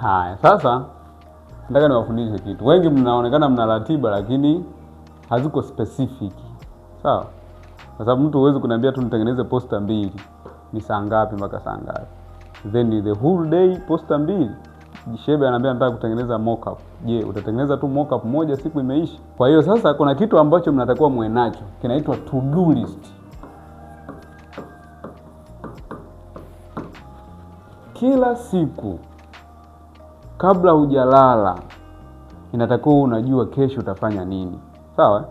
Haya, sasa nataka niwafundishe kitu. Wengi mnaonekana mna ratiba lakini haziko specific, sawa? Kwa sababu mtu huwezi kuniambia tu nitengeneze posta mbili ni saa ngapi mpaka saa ngapi, then the whole day posta mbili. Shebe anaambia nataka kutengeneza mockup. Je, utatengeneza tu mockup moja siku imeisha? Kwa hiyo sasa kuna kitu ambacho mnatakiwa muwe nacho kinaitwa to do list. Kila siku kabla hujalala inatakiwa unajua kesho utafanya nini, sawa? Eh?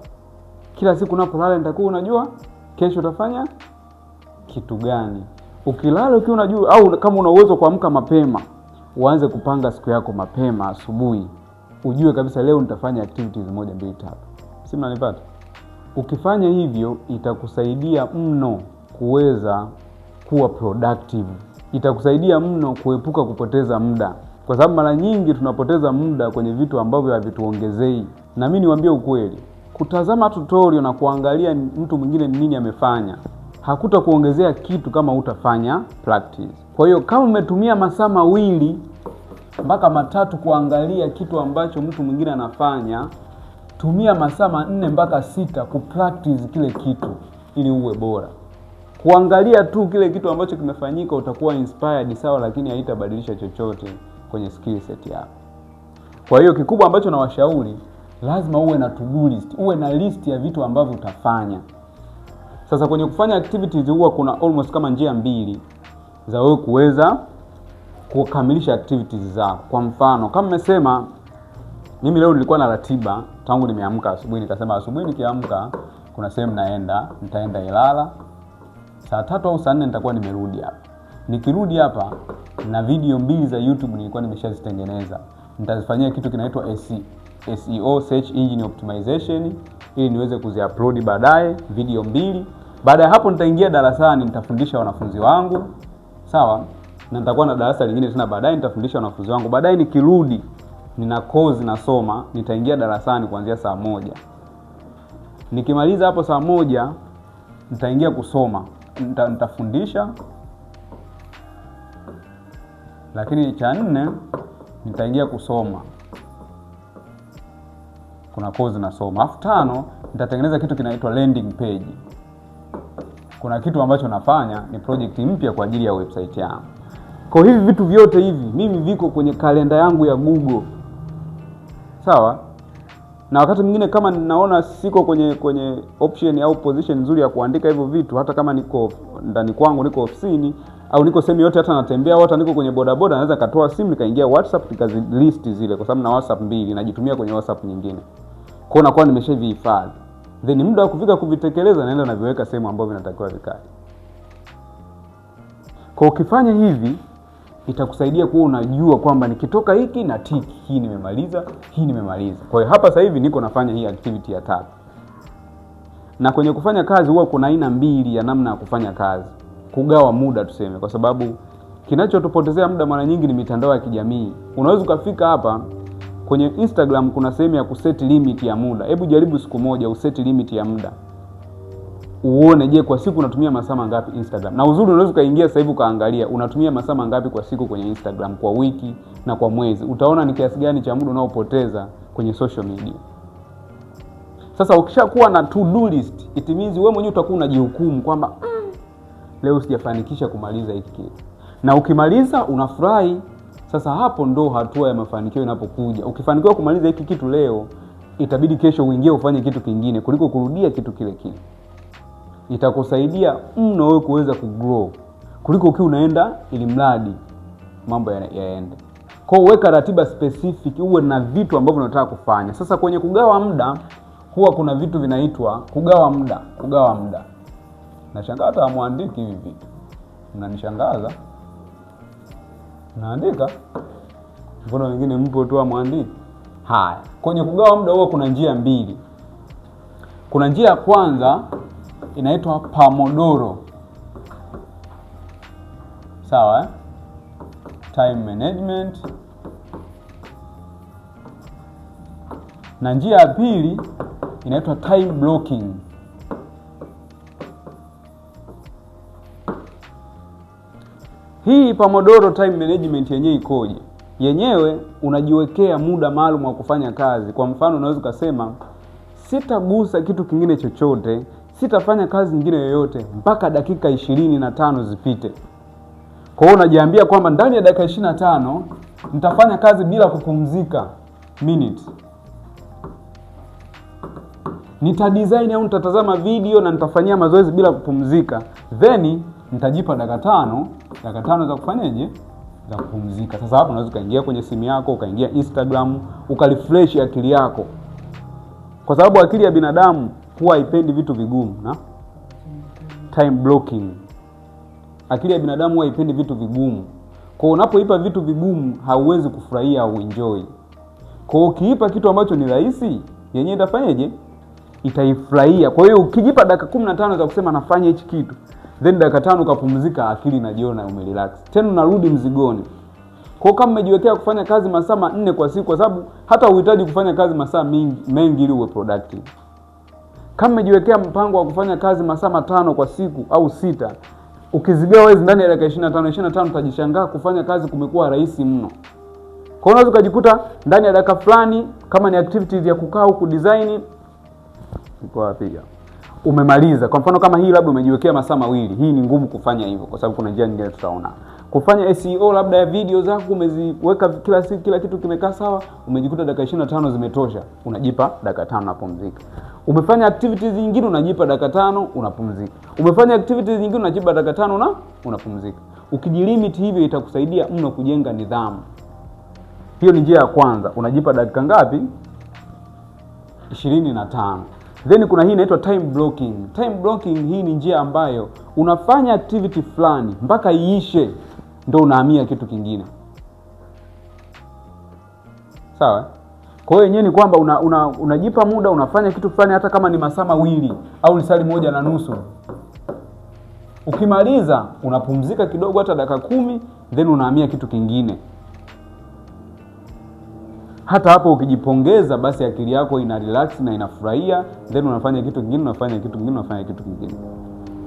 Kila siku unapolala inatakiwa unajua kesho utafanya kitu gani. Ukilala ukiwa unajua, au kama una uwezo kuamka mapema, uanze kupanga siku yako mapema asubuhi, ujue kabisa leo nitafanya activities moja mbili tatu, si mnanipata? Ukifanya hivyo itakusaidia mno kuweza kuwa productive, itakusaidia mno kuepuka kupoteza muda kwa sababu mara nyingi tunapoteza muda kwenye vitu ambavyo havituongezei. Na mimi niwaambie ukweli, kutazama tutorial na kuangalia mtu mwingine nini amefanya hakuta kuongezea kitu kama utafanya practice. Kwa hiyo kama umetumia masaa mawili mpaka matatu kuangalia kitu ambacho mtu mwingine anafanya, tumia masaa manne mpaka sita kupractice kile kitu ili uwe bora. Kuangalia tu kile kitu ambacho kimefanyika utakuwa inspired, sawa, lakini haitabadilisha chochote kwenye skill set yako. Kwa hiyo kikubwa ambacho nawashauri, lazima uwe na to do list, uwe na list ya vitu ambavyo utafanya. Sasa kwenye kufanya activities huwa kuna almost kama njia mbili za wewe kuweza kukamilisha activities zako. Kwa mfano kama nimesema mimi leo nilikuwa na ratiba tangu nimeamka asubuhi, nikasema asubuhi nikiamka kuna sehemu naenda, nitaenda Ilala saa tatu au saa nne nitakuwa nimerudi hapa. Nikirudi hapa na video mbili za YouTube nilikuwa nimeshazitengeneza, nitazifanyia kitu kinaitwa SEO e search engine optimization, ili niweze kuziupload baadaye video mbili. Baada ya hapo nitaingia darasani, nitafundisha wanafunzi wangu, sawa, na nitakuwa na darasa lingine tena baadaye, nitafundisha wanafunzi wangu. Baadaye nikirudi, nina course nasoma, nitaingia darasani kuanzia saa moja. Nikimaliza hapo saa moja nitaingia kusoma, nitafundisha lakini cha nne nitaingia kusoma, kuna course nasoma. Alafu tano nitatengeneza kitu kinaitwa landing page. Kuna kitu ambacho nafanya ni project mpya kwa ajili ya website yangu. Kwa hivi vitu vyote hivi mimi viko kwenye kalenda yangu ya Google, sawa na wakati mwingine kama ninaona siko kwenye kwenye option au position nzuri ya kuandika hivyo vitu, hata kama niko ndani kwangu, niko ofisini au niko sehemu yote, hata natembea hata niko kwenye bodaboda, naweza katoa simu nikaingia WhatsApp nikazilist zile, kwa sababu na WhatsApp mbili najitumia kwenye WhatsApp nyingine, kwao nakuwa nimeshavihifadhi, then muda wa kufika kuvitekeleza naenda naviweka sehemu ambayo vinatakiwa vikae. Kwa ukifanya hivi itakusaidia kuwa unajua kwamba nikitoka hiki na tiki hii nimemaliza, hii nimemaliza. Kwa hiyo hapa sasa hivi niko nafanya hii activity ya tatu. Na kwenye kufanya kazi huwa kuna aina mbili ya namna ya kufanya kazi kugawa muda tuseme, kwa sababu kinachotupotezea muda mara nyingi ni mitandao ya kijamii. Unaweza ukafika hapa kwenye Instagram, kuna sehemu ya kuseti limit ya muda. Hebu jaribu siku moja useti limit ya muda uone, je, kwa siku unatumia masaa mangapi Instagram? Na uzuri unaweza ukaingia sasa hivi ukaangalia unatumia masaa mangapi kwa siku kwenye Instagram, kwa wiki na kwa mwezi. Utaona ni kiasi gani cha muda unaopoteza kwenye social media. Sasa ukishakuwa na to do list, it means wewe mwenyewe utakuwa unajihukumu kwamba leo sijafanikisha kumaliza hiki kitu, na ukimaliza unafurahi. Sasa hapo ndo hatua ya mafanikio inapokuja. Ukifanikiwa kumaliza hiki kitu leo, itabidi kesho uingie ufanye kitu kingine kuliko kurudia kitu kile kile. Itakusaidia mno wewe kuweza kugrow kuliko ukiwa unaenda ili mradi mambo yaende. Kwa uweka ratiba specific, uwe na vitu ambavyo unataka kufanya. Sasa kwenye kugawa muda, huwa kuna vitu vinaitwa kugawa muda. Kugawa muda Nashangaa hata amwandiki hivi vitu, mnanishangaza. Naandika mkono wengine, mpo tu amwandiki Haya, kwenye kugawa muda huo kuna njia mbili. Kuna njia ya kwanza inaitwa pamodoro sawa eh? Time management na njia ya pili inaitwa time blocking. Hii Pomodoro time management yenyewe ikoje? Yenyewe unajiwekea muda maalum wa kufanya kazi. Kwa mfano, unaweza ukasema sitagusa kitu kingine chochote, sitafanya kazi nyingine yoyote mpaka dakika ishirini na tano zipite. Kwa hiyo unajiambia kwamba ndani ya dakika ishirini na tano nitafanya kazi bila kupumzika minute nitadesign au nitatazama video na nitafanyia mazoezi bila kupumzika, then nitajipa dakika tano, dakika tano za kufanyaje, za kupumzika. Sasa hapo unaweza ukaingia kwenye simu yako ukaingia Instagram ukarefresh akili yako, kwa sababu akili ya binadamu huwa haipendi vitu vigumu na time blocking. Akili ya binadamu huwa haipendi vitu vigumu, kwa unapoipa vitu vigumu hauwezi kufurahia au enjoy. Kwa ukiipa kitu ambacho ni rahisi, yenyewe itafanyaje? Itaifurahia. Kwa hiyo ukijipa dakika 15 za kusema nafanya hichi kitu then dakika tano ukapumzika, akili najiona umerelax tena, unarudi mzigoni. Kwa kama umejiwekea kufanya kazi masaa manne kwa siku, kwa sababu hata uhitaji kufanya kazi masaa mengi ili uwe productive. Kama umejiwekea mpango wa kufanya kazi masaa matano kwa siku au sita, ukizigawa hizi ndani ya dakika 25 25, utajishangaa kufanya kazi kumekuwa rahisi mno. Kwa unaweza ukajikuta ndani ya dakika fulani, kama ni activities ya kukaa huku design, uko wapi umemaliza. Kwa mfano kama hii labda umejiwekea masaa mawili, hii ni ngumu kufanya hivyo, kwa sababu kuna njia nyingine tutaona kufanya SEO labda ya video zako umeziweka kila siku, kila kitu kimekaa sawa, umejikuta dakika 25 zimetosha, unajipa dakika tano unapumzika. Umefanya activities nyingine unajipa dakika tano unapumzika. Umefanya activities nyingine unajipa dakika tano na unapumzika. Ukijilimit hivyo itakusaidia mno kujenga nidhamu. Hiyo ni njia ya kwanza. Unajipa dakika ngapi? 25. Then kuna hii inaitwa time blocking. Time blocking hii ni njia ambayo unafanya activity fulani mpaka iishe, ndo unahamia kitu kingine. Sawa. Kwa hiyo yenyewe ni kwamba unajipa una, una muda unafanya kitu fulani, hata kama ni masaa mawili au lisali moja na nusu. Ukimaliza unapumzika kidogo, hata dakika kumi, then unahamia kitu kingine hata hapo ukijipongeza, basi akili yako ina relax na inafurahia, then unafanya kitu kingine, unafanya kitu kingine, unafanya kitu kingine.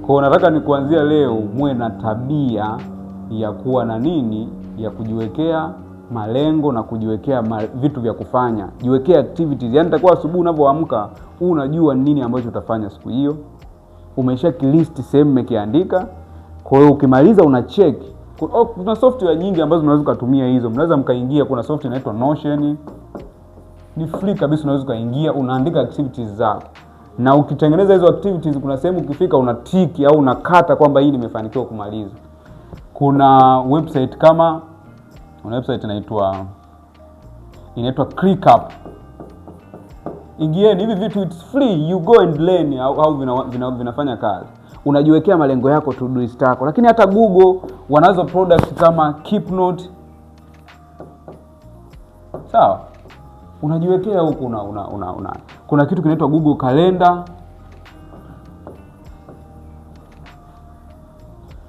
Kwa nataka ni kuanzia leo muwe na tabia ya kuwa na nini, ya kujiwekea malengo na kujiwekea ma vitu vya kufanya, jiwekea activities. Yani takuwa asubuhi unavyoamka unajua nini ambacho utafanya siku hiyo, umesha kilisti sehemu mekiandika Kwa hiyo ukimaliza una check Oh, kuna software nyingi ambazo mnaweza ukatumia hizo, mnaweza mkaingia, kuna software inaitwa Notion, ni free kabisa, unaweza ukaingia unaandika activities zako na ukitengeneza hizo activities, kuna sehemu ukifika unatiki au unakata kwamba hii nimefanikiwa kumaliza. Kuna website kama una website inaitwa inaitwa ClickUp. Ingieni hivi vitu, it's free, you go and learn au vinafanya kazi unajiwekea malengo yako to do list yako, lakini hata Google wanazo products kama Keepnote, sawa. Unajiwekea huku una, una, una, una. Kuna kitu kinaitwa Google Calendar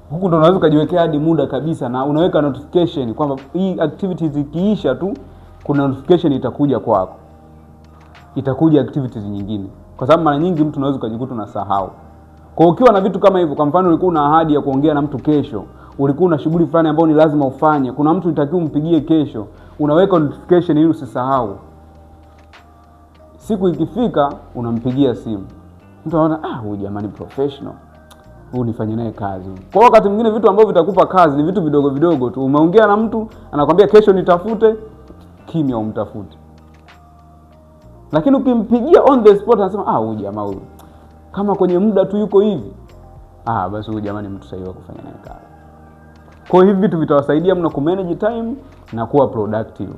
huku ndo unaweza ukajiwekea hadi muda kabisa, na unaweka notification kwamba hii activities ikiisha tu kuna notification itakuja kwako, itakuja activities nyingine, kwa sababu mara nyingi mtu unaweza ukajikuta unasahau. Kwa ukiwa na vitu kama hivyo, kwa mfano ulikuwa una ahadi ya kuongea na mtu kesho, ulikuwa una shughuli fulani ambayo ni lazima ufanye, kuna mtu unatakiwa umpigie kesho, unaweka notification ili usisahau. Siku ikifika unampigia simu, mtu anaona ah, huyu jamani professional huyu, nifanye naye kazi. Kwa wakati mwingine vitu ambavyo vitakupa kazi ni vitu vidogo vidogo tu. Umeongea na mtu anakwambia kesho nitafute, kimya umtafute, lakini ukimpigia on the spot anasema ah, huyu jamaa huyu kama kwenye muda tu yuko hivi ah, basi huyu jamani mtu sahihi wa kufanya naye kazi. Kwa hivi vitu vitawasaidia mna manage time na kuwa productive.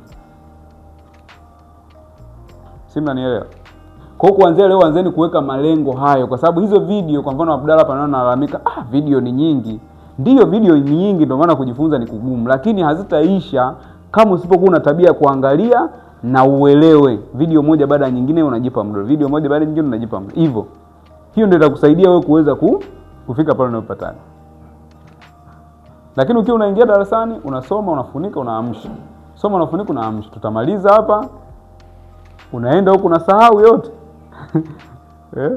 Si mnanielewa? Kwa hiyo kuanzia leo anzeni kuweka malengo hayo, kwa sababu hizo video, kwa mfano Abdalla pana naona analalamika, ah, video ni nyingi. Ndiyo, video ni nyingi, ndio maana kujifunza ni kugumu, lakini hazitaisha kama usipokuwa una tabia ya kuangalia na uelewe. Video moja baada ya nyingine unajipa mlo, video moja baada ya nyingine unajipa mlo, hivyo hiyo ndio itakusaidia wewe kuweza ku, kufika pale unapopatana. Lakini ukiwa unaingia darasani unasoma, unafunika, unaamsha, soma, unafunika, unaamsha, tutamaliza hapa, unaenda huku unasahau yote eh?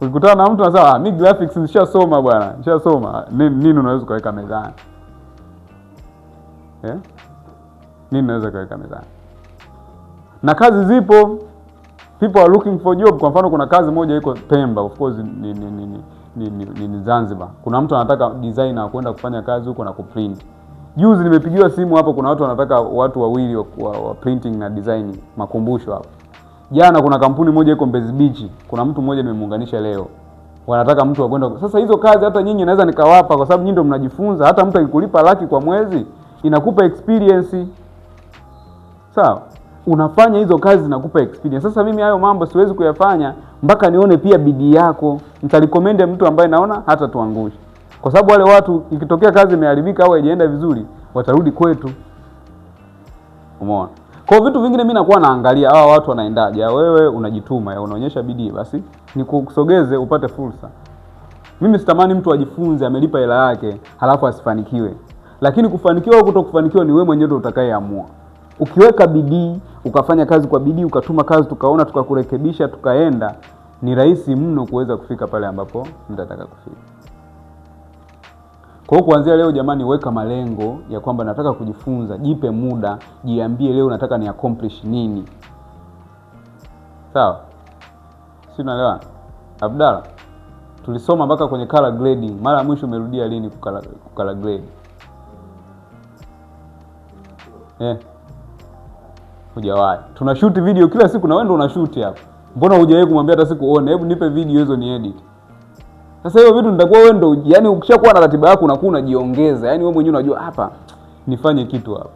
Ukikutana na mtu anasema ah, mi graphics nishasoma bwana, nishasoma nini, nini unaweza kuweka mezani eh? Nini unaweza kuweka mezani na kazi zipo people are looking for job. Kwa mfano kuna kazi moja iko Pemba, of course ni, ni, ni, ni, ni, ni, ni ni Zanzibar. Kuna mtu anataka designer kwenda kufanya kazi huko na kuprint. Juzi nimepigiwa simu hapo, kuna watu wanataka watu wawili wa, wa, printing na design, makumbusho hapo. Jana kuna kampuni moja iko Mbezi Beach, kuna mtu mmoja nimemuunganisha leo, wanataka mtu wa kwenda. Sasa hizo kazi hata nyinyi naweza nikawapa, kwa sababu nyinyi ndio mnajifunza. Hata mtu akikulipa laki kwa mwezi inakupa experience, sawa so unafanya hizo kazi zinakupa experience. Sasa mimi hayo mambo siwezi kuyafanya mpaka nione pia bidii yako, nitalikomende mtu ambaye naona hata tuangushe, kwa sababu wale watu ikitokea kazi imeharibika au haijaenda vizuri watarudi kwetu. Umeona? Kwa vitu vingine mimi nakuwa naangalia hawa watu wanaendaje. Wewe unajituma, ya unaonyesha bidii, basi nikusogeze upate fursa. Mimi sitamani mtu ajifunze amelipa hela yake halafu asifanikiwe, lakini kufanikiwa au kutokufanikiwa ni wewe mwenyewe ndio utakayeamua. Ukiweka bidii, ukafanya kazi kwa bidii, ukatuma kazi, tukaona, tukakurekebisha, tukaenda, ni rahisi mno kuweza kufika pale ambapo mtataka kufika. Kwa hiyo kuanzia leo jamani, weka malengo ya kwamba nataka kujifunza, jipe muda, jiambie leo nataka ni accomplish nini. Sawa, si unaelewa Abdalla? Tulisoma mpaka kwenye color grading. Mara ya mwisho umerudia lini kukala color grade Eh. Hujawahi. Tuna shoot video kila siku na wewe ndio unashoot hapo. Mbona hujawahi kumwambia hata siku one, hebu nipe video hizo ni edit. Sasa hiyo vitu nitakuwa wewe ndio, yani, ukishakuwa na ratiba yako unakuwa unajiongeza. Yaani wewe mwenyewe unajua hapa nifanye kitu hapa.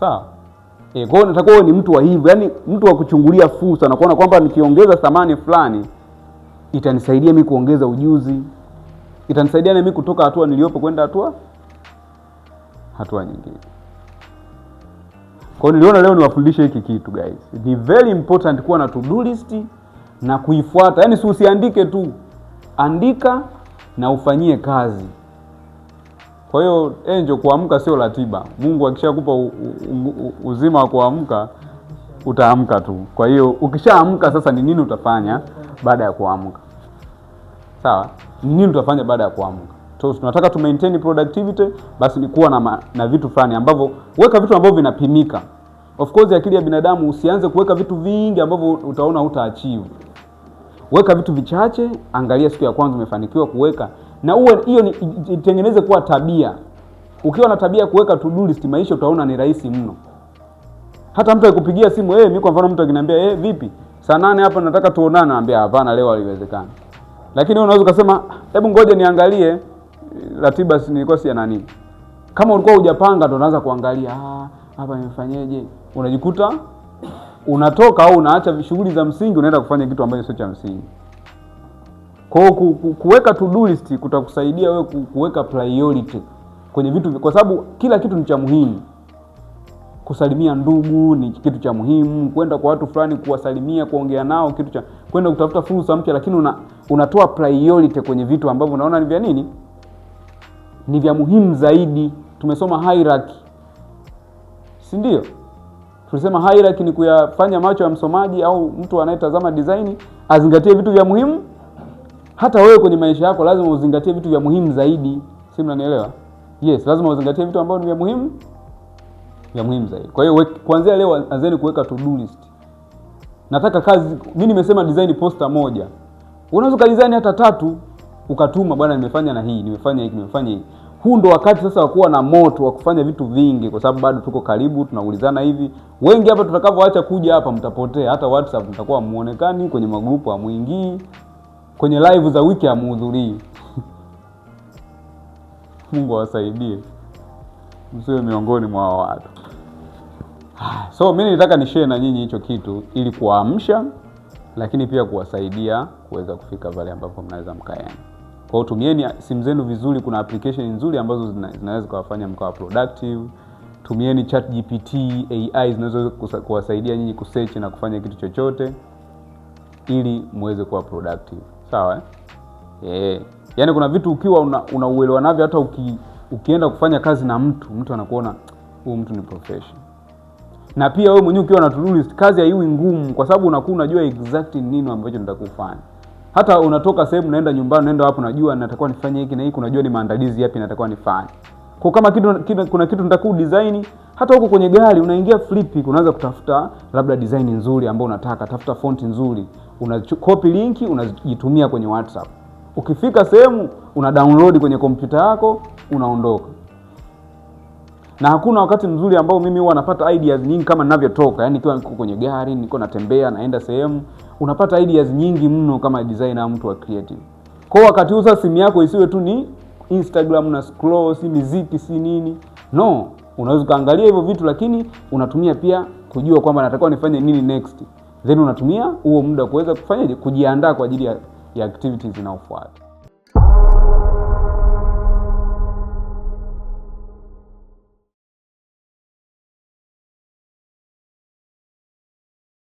Sawa? Eh, kwa hiyo nitakuwa ni mtu wa hivyo, yani mtu wa kuchungulia fursa na kuona kwamba nikiongeza thamani fulani itanisaidia mimi kuongeza ujuzi. Itanisaidia na mimi kutoka hatua niliyopo kwenda hatua hatua nyingine. Kwa hiyo niliona leo niwafundishe hiki kitu guys. Ni very important kuwa na to-do list na kuifuata, yaani si usiandike tu, andika na ufanyie kazi. Kwa hiyo enjo, eh, kuamka sio ratiba. Mungu akishakupa uzima wa kuamka utaamka tu. Kwa hiyo ukishaamka sasa, ni nini utafanya baada ya kuamka? Sawa, ni nini utafanya baada ya kuamka? So tunataka tu maintain productivity, basi ni kuwa na, ma, na vitu fulani ambavyo weka vitu ambavyo vinapimika. Of course akili ya binadamu usianze kuweka vitu vingi ambavyo utaona utaachieve. Weka vitu vichache, angalia siku ya kwanza umefanikiwa kuweka na uwe hiyo ni itengeneze kuwa tabia. Ukiwa na tabia kuweka to-do list, maisha utaona ni rahisi mno. Hata mtu akupigia simu eh, hey, mimi kwa mfano mtu akiniambia eh, hey, vipi saa nane hapa nataka tuonane, naambia hapana, leo haliwezekani. Lakini wewe unaweza ukasema ah, hebu ngoja niangalie ratiba nilikuwa si ya nani. Kama ulikuwa hujapanga, ndo unaanza kuangalia ah, hapa nimefanyeje, unajikuta unatoka au unaacha shughuli za msingi, unaenda kufanya kitu ambacho sio cha msingi. Kwa hiyo kuweka to-do list kutakusaidia wewe kuweka priority kwenye vitu, kwa sababu kila kitu ni cha muhimu. Kusalimia ndugu ni kitu cha muhimu, kwenda kwa watu fulani kuwasalimia, kuongea nao, kitu cha kwenda kutafuta fursa mpya, lakini una, unatoa priority kwenye vitu ambavyo unaona ni vya nini ni vya muhimu zaidi. Tumesoma hierarchy, si ndio? Tulisema hierarchy ni kuyafanya macho ya msomaji au mtu anayetazama design azingatie vitu vya muhimu. Hata wewe kwenye maisha yako lazima uzingatie vitu vya muhimu zaidi, si mnanielewa? Yes, lazima uzingatie vitu ambavyo ni vya muhimu vya muhimu zaidi. Kwa hiyo kuanzia leo anzeni kuweka to do list. Nataka kazi, mimi nimesema design poster moja, unaweza ukadesign hata tatu ukatuma, bwana, nimefanya na hii, nimefanya hii nimefanya hii Huu ndo wakati sasa wa kuwa na moto wa kufanya vitu vingi, kwa sababu bado tuko karibu, tunaulizana hivi. Wengi hapa tutakavyoacha kuja hapa, mtapotea. Hata WhatsApp mtakuwa muonekani, kwenye magrupu hamwingii, kwenye live za wiki hamuhudhurii. Mungu awasaidie, msiwe miongoni mwa watu. So mimi nilitaka nishare na nyinyi hicho kitu ili kuwaamsha, lakini pia kuwasaidia kuweza kufika pale ambapo mnaweza mkaenda. Kwa tumieni simu zenu vizuri, kuna application nzuri ambazo zinaweza kuwafanya mkawa productive. Tumieni chat GPT, AI zinazoweza kuwasaidia nyinyi kusearch na kufanya kitu chochote ili muweze kuwa productive. Sawa eh? Yeah. Yaani kuna vitu ukiwa una, una uelewa navyo hata uki, ukienda kufanya kazi na mtu mtu anakuona huyu mtu ni professional. Na pia wewe mwenyewe ukiwa na to-do list kazi haiwi ngumu kwa sababu unakuwa unajua exactly nini ambacho nitakufanya hata unatoka sehemu naenda nyumbani, naenda hapo, najua natakuwa nifanye hiki na hiki, unajua ni maandalizi yapi natakuwa nifanye. Kwa kama kitu, kitu, kuna kitu nitakuwa design hata huko kwenye gari unaingia flip, unaanza kutafuta labda design nzuri ambayo unataka, tafuta fonti nzuri, una copy link unajitumia kwenye WhatsApp. Ukifika sehemu una download kwenye kompyuta yako, unaondoka na hakuna wakati mzuri ambao mimi huwa napata ideas nyingi kama ninavyotoka, yani kiwa niko kwenye gari, niko natembea, naenda sehemu, unapata ideas nyingi mno kama designer au mtu wa creative. Kwa wakati huu sasa, simu yako isiwe tu ni Instagram na scroll, si miziki si nini, no, unaweza ukaangalia hivyo vitu, lakini unatumia pia kujua kwamba natakiwa nifanye nini next, then unatumia huo muda kuweza kufanya kujiandaa kwa ajili ya, ya activities inayofuata.